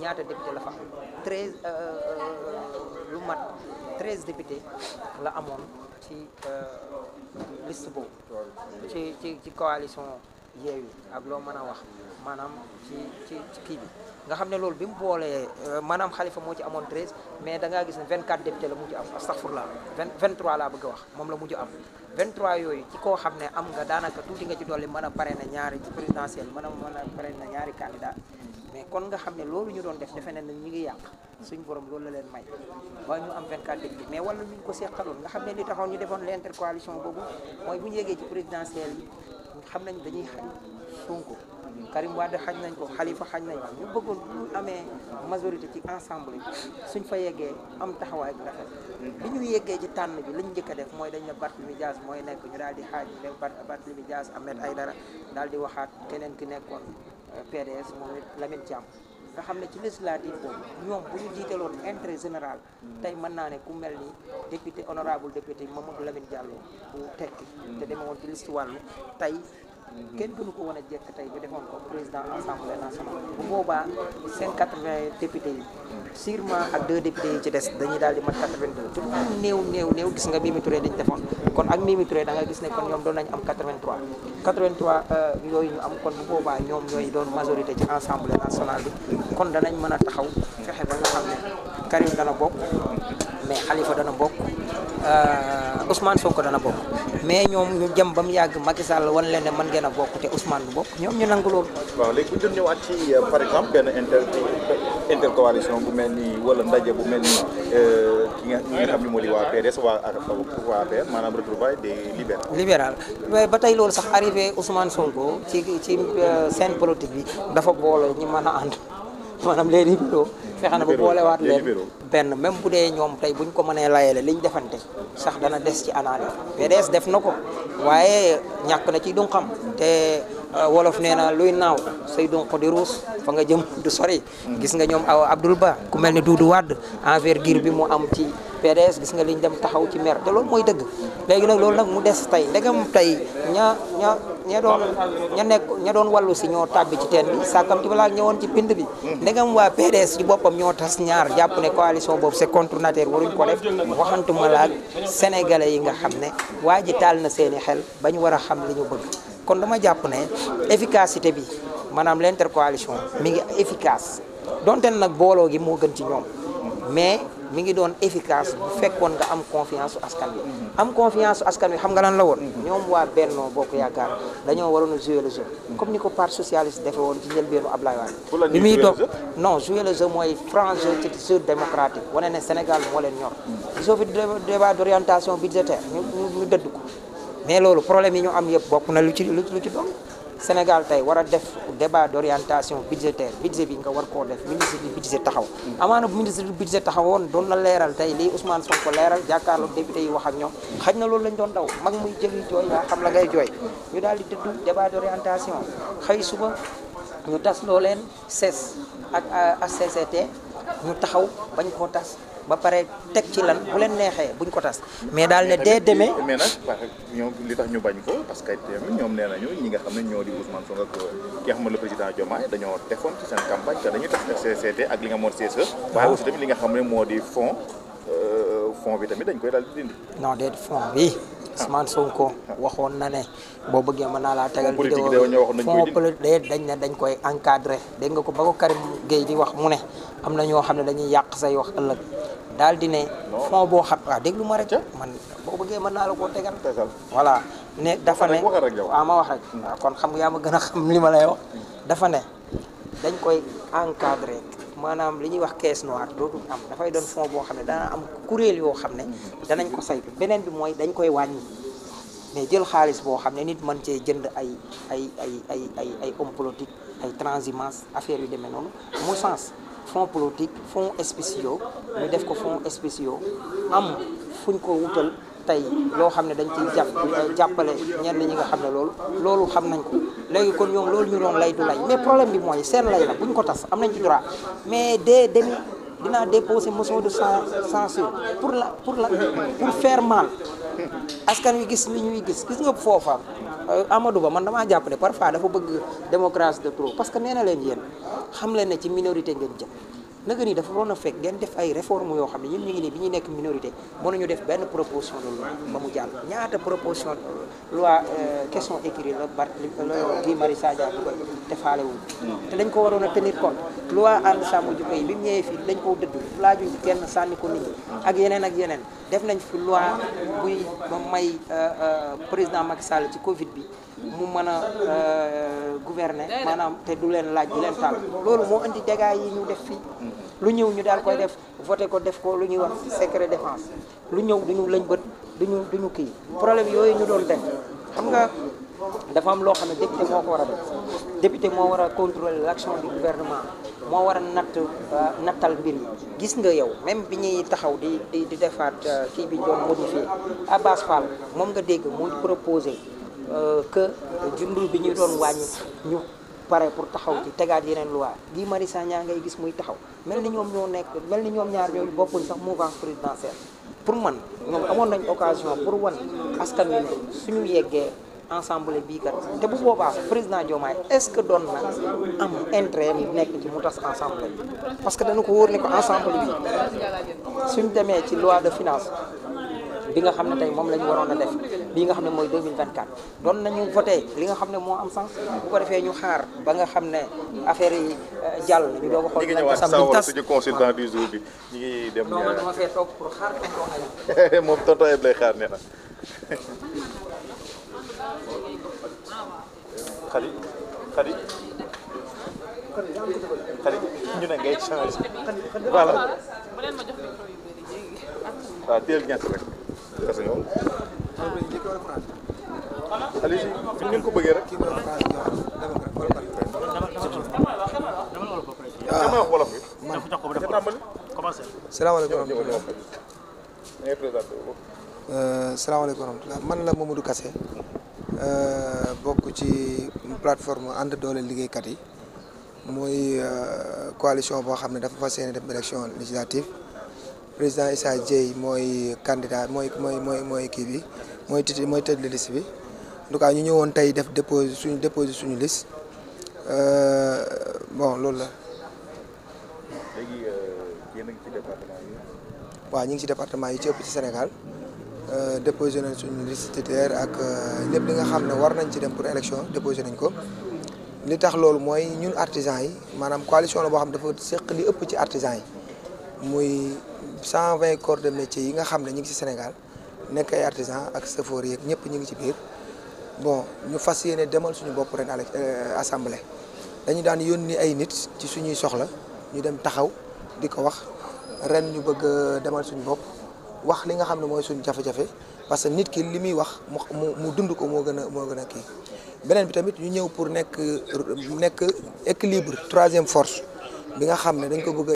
ñaata député la fa am treize euh, euh, lu mat treize député la amoon ci euh, liste boobu ci ci ci coalition yeeyu ak loo mën a wax maanaam ci ci ci kii bi nga xam ne loolu bi mu boolee maanaam Khalifa moo ci amoon mais danga ngaa gis ne 24 député la mujj am astaghfirullah 23 laa bëgg a wax moom la mujj am 23 yooyu ci koo xam ne am nga daanaka tuuti nga ci dolli mën a pare na ñaari ci présidentielle mën a mën a pare na ñaari candidat mais kon nga xam ne loolu ñu doon def defe nañ ne ñu ngi yàq suñu borom loolu la leen may ba ñu am 24 députés mais wala ñu ko seqaloon nga xam ne ni taxoon ñu defoon l'intercoalition boobu mooy bu ñu yegee ci présidentielle xam nañ dañuy xañ Sonko Karim Wade xañ nañ ko Khalifa xañ nañ ko ñu bëggoon bu amee majorité ci ensemble suñ fa yeggee am taxawaay bu rafet ñu yeggee ci tànn bi lañ njëkk def mooy dañ ne Barthélémy Dias mooy nekk ñu daal di xaaj ne Barthélémy Dias Ahmed Aïdara daal di waxaat keneen ki nekkoon PDS moom it Lamine Thiam nga xam ne ci législative boobu ñoom bu ñu jiitaloon intérêt général tey mën naa ne ku mel ni député honorable député Mamadou Lamine Diallo bu tekki te demewoon ci liste wàllu tey kenn gënu ko woon a jekk tey bu defoon ko président assemblée nationale bu boobaa seen 80 députés yi sûrement ak deux députés yi ci des dañuy daal di mat 82 te lu néew néew néew gis nga Mimi Touré dañ defoon kon ak Mimi Touré da nga gis ne kon ñoom doon nañ am 83 83 euh, yooyu ñu am kon bu boobaa ñoom ñooy doon majorité ci assemblée nationale bi kon danañ mën a taxaw fexe ba nga xam ne Karim dana bokk mais Khalifa dana bokk Euh, Ousmane Sonko dana bokk mais ñoom ñu jëm ba mu yàgg Macky Sall wan leen ne mën ngeen a bokk te Ousmane du bokk ñoom ñu nangu loolu. waaw léegi bu ñu doon ñëwaat ci euh, par exemple benn inter intercoalition bu mel ni wala ndaje bu mel ni euh, ki nga xam ne moo di waa PDS waa waa APR maanaam retrouvailles des libéraux. libéral ba tey loolu sax arrivé Ousmane Sonko ci ci scène politique bi dafa boole ñu mën a ànd maanaam les libéraux. fexe na ba boolewaat leen benn même bu dee ñoom tey buñ ko mënee layale liñ defante sax dana des ci analyse PDS def na ko waaye ñàkk na ci duñ xam te Euh, wolof nee na luy naaw sey donko di ruus fa nga jëm du sori. gis nga ñoom aw Abdoul Ba ku mel ne Doudou Wade envergure bi mu am ci PDS gis nga liñ dem taxaw ci mer te loolu mooy dëgg léegi nag loolu nag mu des tey ndegam tey ña ña ña doon ña nekk ña doon wàllu si ñoo bi ci teen bi sàkkam ci balaa ñëwoon ci pind bi ndegam waa PDS ci boppam ñoo tas ñaar jàpp ne coalition boobu c'est contre nature waruñ ko def waxantuma laak sénégalais yi nga xam ne waa ji taal na seeni xel ba ñu war a xam li ñu kon dama jàpp ne efficacité bi maanaam l'intercoalition mi ngi efficace donte ne nag booloo gi moo gën ci ñoom mais mi ngi doon efficace bu fekkoon nga am confiance askan wi. am confiance askan wi xam nga lan la woon. ñoom waa Benno Bokk Yaakaar dañoo waroon a jouer le jeu. comme ni ko parti socialiste defee woon ci njëlbéenu Ablaye Wade. bi muy toog non jouer le jeu mooy franc jeu ci jeu démocratique wane ne Sénégal moo leen ñor. gisoo fi débat d'orientation budgétaire mais loolu problème yi ñu am yëpp bokk na lu ci lu ci doon Sénégal tey war a def débat d' orientation budgétaire budget bi nga war koo def ministre du budget taxaw amaana bu ministre du budget taxawoon doon la leeral tey lii Ousmane Sonko leeral jàkkaarloog député yi wax ak ñoom xaj na loolu lañ doon daw mag muy jëli jooy yaa xam la ngay jooy ñu daal di dëddu débat d' orientation suba ñu tas loo leen CES ak HCCT ñu taxaw bañ koo tas ba pare teg ci lan bu leen neexee buñ ko tas mais daal ne dee deme mais nag ñoom li tax ñu bañ ko parce que tamit ñoom nee nañu ñi nga xam ne ñoo di Ousmane Sonko ak e. nga xam ne moo di CSE fond euh, fond bi tamit dañ koy daal di dindi non fond bi Ousmane Sonko waxoon na ne boo bëggee mën naa laa tegal vidéo fond politique dañ ne dañ koy encadré dégg nga ko ba ko Karim Gueye di wax mu ne am na ñoo xam ne dañuy yàq say wax ëllëg daal di ne fond boo xam waaw déglu ma rek man boo bëggee mën naa la koo tegal voilà ne dafa ne waaw ma wax rek hmm. waaw kon xam nga yaa ma gën a xam li ma lay wax hmm. dafa ne dañ koy encadré maanaam li ñuy wax caisse noire dootul am dafay doon fond boo xam ne dana am kuréel yoo xam ne hmm. danañ ko saytu beneen bi mooy dañ koy wàññi mais jël xaalis boo xam ne nit mën cee jënd ay ay ay ay ay ay homme politique ay transhumance affaire yu demee noonu mu sens fonds politique fonds spéciaux ñu def ko fonds spéciaux am fuñ ko wutal tey loo xam ne dañ ciy jàpp jàppale ñenn ñi nga xam ne loolu loolu xam nañ ko léegi kon ñoom loolu ñu doon lay du lay mais problème bi mooy seen lay la buñ ko tas am nañ ci droit mais dès demi dinaa déposer motion de censure pour la pour la pour faire mal askan wi gis li ñuy gis gis nga foofa euh, Amadou Ba man damaa jàpp ne parfois dafa bëgg démocratie de trop parce que nee na leen yéen xam leen ne ci minorité ngeen jëm. naka ni dafa waroon a fekk ngeen def ay réforme yoo xam ne ñun ñu ngi nii bi ñu nekk minorité mënuñu def benn proposition de loi ba mu jàll ñaata proposition loi euh, question écrite la Bart la Guy Marius Sagna bu te dañ ko waroon a tenir compte loi ànd sàmm jikko yi bi mu ñëwee fii dañ koo dëdd laajuñ kenn sànni ko nit ñi ak yeneen ak yeneen def nañ fi loi buy may euh, euh, président Macky Sall ci Covid bi mu mën a euh, gouverner maanaam te du leen laaj du leen tànn loolu moo indi dégâts yi ñu def fii mhm. lu ñëw ñu daal koy def voté ko def ko lu ñuy wax secret défense lu ñëw duñu lañ bët duñu duñu kii problème yooyu ñu doon def xam nga dafa am loo xam ne député moo ko war a def député moo war a contrôler l'action du gouvernement moo war a natt euh, nattal mbir yi gis nga yow même bi ñuy taxaw di di defaat euh, kii bi ñu doon modifié Abbas moom nga dégg muy proposé Euh, que jundul bi ñu doon wàññi ñu pare pour taxaw ci tegaat yeneen loi Guy Marius ñaa ngay gis muy taxaw mel ni ñoom ñoo nekk mel ni ñoom ñaar ñooñu bokkuñ sax mouvance présidentielle pour man ñoom amoon nañ occasion pour wan askan wi ne suñu yeggee ensemble bii kat te bu boobaa président Diomaye est-ce que doon na am intérêt mu nekk ci mu tas ensemble bi parce que dana ko wóor ne ko ensemble bi suñ demee ci loi de finance bi nga xam ne tey moom lañu ñu waroon a def bii nga xam ne mooy 2024 doon nañu voté li nga xam ne moo am sens bu ko defee ñu xaar ba nga xam ne affaire yi euh, jàll ñu doog a xool ñu ñëwaat sawar bi ñu ngi dem non man euh, na xali xali ñu ne ngay changé voilà waaw teel ñett rek fi ngeen ko man salaamaaleykum rahmatulah man la euh, bokk ci plateforme ànd doole liggéeykat yi mooy euh, coalition boo xam ne dafa fas yéene def élection législative. président Issa Dieye mooy candidat mooy mooy mooy mooy kii bi mooy titi mooy tëdd liste bi en tout cas ñu ñëwoon tey def déposé suñu dépose suñu lis euh, bon loolu la. léegi euh, waaw ñu ngi ci département yi ci ëpp ci Sénégal euh, déposé nañ suñu liste titulaire ak lépp li nga xam ne war nañ ci dem pour élection déposé nañ ko. li tax loolu mooy ñun artisans yi maanaam coalition la boo xam dafa seq li ëpp ci artisans yi. muy cent vingt corps de métier yi nga xam ne ñu ngi ci Sénégal nekk ay artisans ak sëfoor yeeg ñëpp ñu ngi ci biir bon ñu fas yéene demal suñu bopp ren euh, assemblée dañu daan yónni ay nit ci suñuy soxla ñu dem taxaw di ko wax ren ñu bëgg euh, demal suñu bopp wax li nga xam ne mooy suñu jafe-jafe parce que nit ki li muy wax mu mu dund ko moo gën a moo kii beneen bi tamit ñu ñëw pour nekk nekk équilibre troisième force bi nga xam ne dañ ko bëgg